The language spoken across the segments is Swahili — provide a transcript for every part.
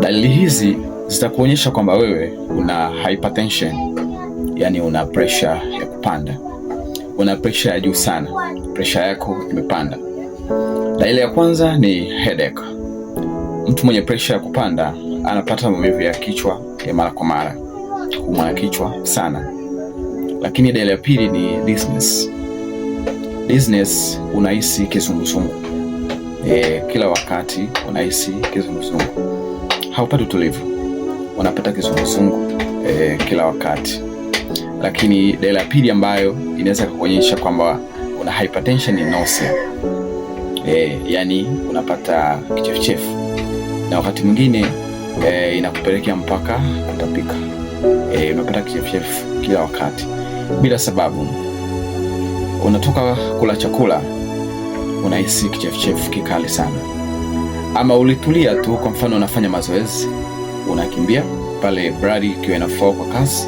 Dalili hizi zitakuonyesha kwamba wewe una hypertension, yani una pressure ya kupanda, una pressure ya juu sana, pressure yako imepanda. Dalili ya kwanza ni headache. Mtu mwenye pressure ya kupanda anapata maumivu ya kichwa ya mara kwa mara, kuumwa kichwa sana. Lakini dalili ya pili ni dizziness. Dizziness, unahisi kizunguzungu kila wakati unahisi kizunguzungu, haupati utulivu, unapata kizunguzungu eh, kila wakati. Lakini dalili ya pili ambayo inaweza kukuonyesha kwamba una hypertension ni nausea eh, yani unapata kichefuchefu na wakati mwingine eh, inakupelekea mpaka kutapika eh, unapata kichefuchefu kila wakati bila sababu. Unatoka kula chakula unahisi kichefuchefu kikali sana, ama ulitulia tu. Kwa mfano, unafanya mazoezi, unakimbia pale, bradi ikiwa inafua kwa kasi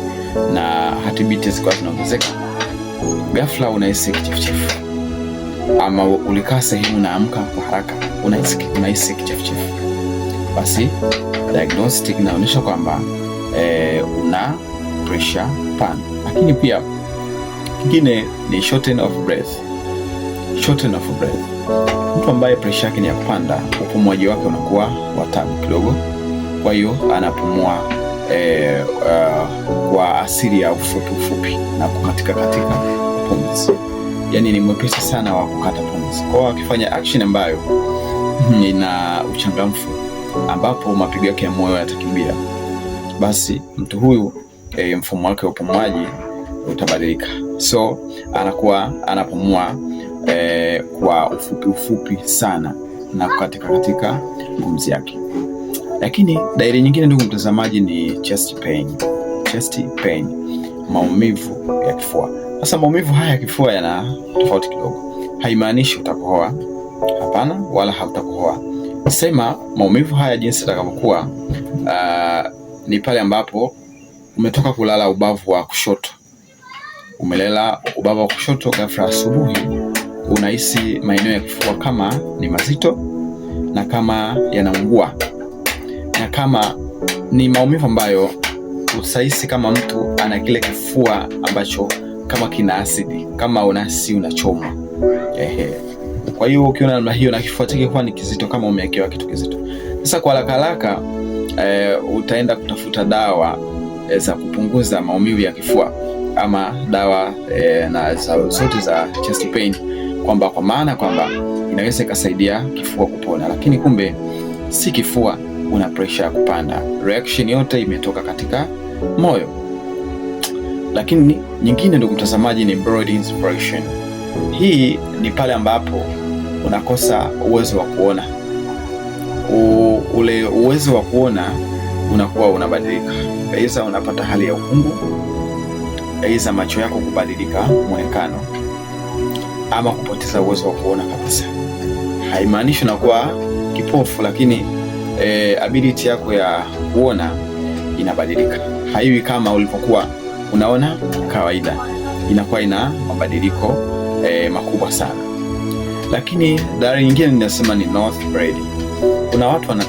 na hatibiti zikiwa zinaongezeka, ghafla unahisi kichefuchefu, ama ulikaa sehemu unaamka kwa haraka, unahisi kichefuchefu, basi diagnostic inaonyesha kwamba e, una pressure pan. Lakini pia kingine ni shortness of breath shortness of breath. Mtu ambaye presha yake ni ya kupanda, upumuaji wake unakuwa wa tabu kidogo, kwa hiyo anapumua eh, uh, kwa asili ya ufupi ufupi na kukatika katika pumzi, yaani ni mwepesi sana wa kukata pumzi, kwa hiyo akifanya action ambayo hmm, ina uchangamfu ambapo mapigo yake ya moyo yatakimbia, basi mtu huyu eh, mfumo wake wa upumuaji utabadilika, so anakuwa anapumua eh, kwa ufupi ufupi sana na katika katika pumzi yake. Lakini dalili nyingine, ndugu mtazamaji, ni chest pain. Chest pain, maumivu ya kifua. Sasa maumivu haya ya kifua yana tofauti kidogo, haimaanishi utakohoa, hapana, wala hautakohoa. Sema maumivu haya jinsi atakavyokuwa, uh, ah, ni pale ambapo umetoka kulala ubavu wa kushoto, umelala ubavu wa kushoto ghafla asubuhi unahisi maeneo ya kifua kama ni mazito na kama yanaungua na kama ni maumivu ambayo usahisi kama mtu ana kile kifua ambacho kama kina asidi, kama unasi unachoma. Ehe. Kwa hiyo ukiona namna hiyo na kifua chake kuwa ni kizito, kama umeekewa kitu kizito, sasa kwa haraka haraka e, utaenda kutafuta dawa e, za kupunguza maumivu ya kifua ama dawa e, na zote za chest pain kwamba kwa maana kwamba inaweza ikasaidia kifua kupona, lakini kumbe si kifua, una pressure ya kupanda. Reaction yote imetoka katika moyo. Lakini nyingine, ndugu mtazamaji, ni broad inspiration. Hii ni pale ambapo unakosa uwezo wa kuona U, ule uwezo wa kuona unakuwa unabadilika, aidha unapata hali ya ukungu, aidha macho yako kubadilika mwonekano ama kupoteza uwezo wa kuona kabisa. Haimaanishi unakuwa kipofu, lakini e, ability yako ya kuona inabadilika, haiwi kama ulivyokuwa unaona kawaida, inakuwa ina mabadiliko e, makubwa sana. Lakini dalili nyingine ninasema ni north braid. Kuna watu wana,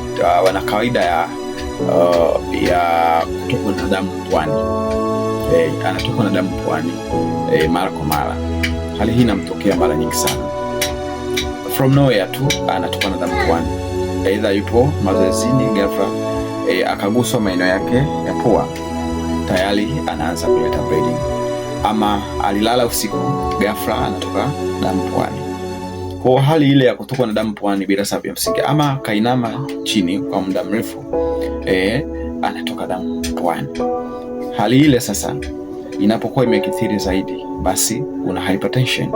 wana kawaida ya, uh, ya na damu puani anatoka eh, anatokwa na damu puani e, mara kwa mara. Hali hii inamtokea mara nyingi sana, from nowhere tu anatokwa na damu puani, aidha yupo mazoezini ghafla e, akaguswa maeneo yake ya pua, tayari anaanza kuleta bleeding, ama alilala usiku ghafla anatoka damu puani. Kwa hali ile ya kutokwa na damu puani bila sababu ya msingi, ama kainama chini kwa muda mrefu e, anatoka damu puani. Hali ile sasa inapokuwa imekithiri zaidi, basi una hypertension,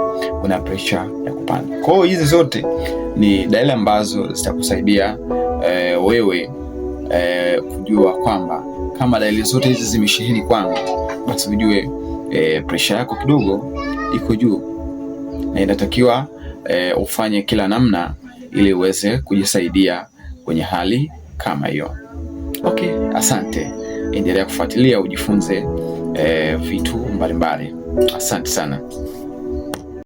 una pressure ya kupanda. Kwa hiyo hizi zote ni dalili ambazo zitakusaidia e, wewe e, kujua kwamba kama dalili zote hizi zimesheheni kwangu, basi ujue e, pressure yako kidogo iko juu na inatakiwa e, ufanye kila namna ili uweze kujisaidia kwenye hali kama hiyo. Okay, asante, endelea kufuatilia ujifunze eh, vitu mbalimbali. Asante sana.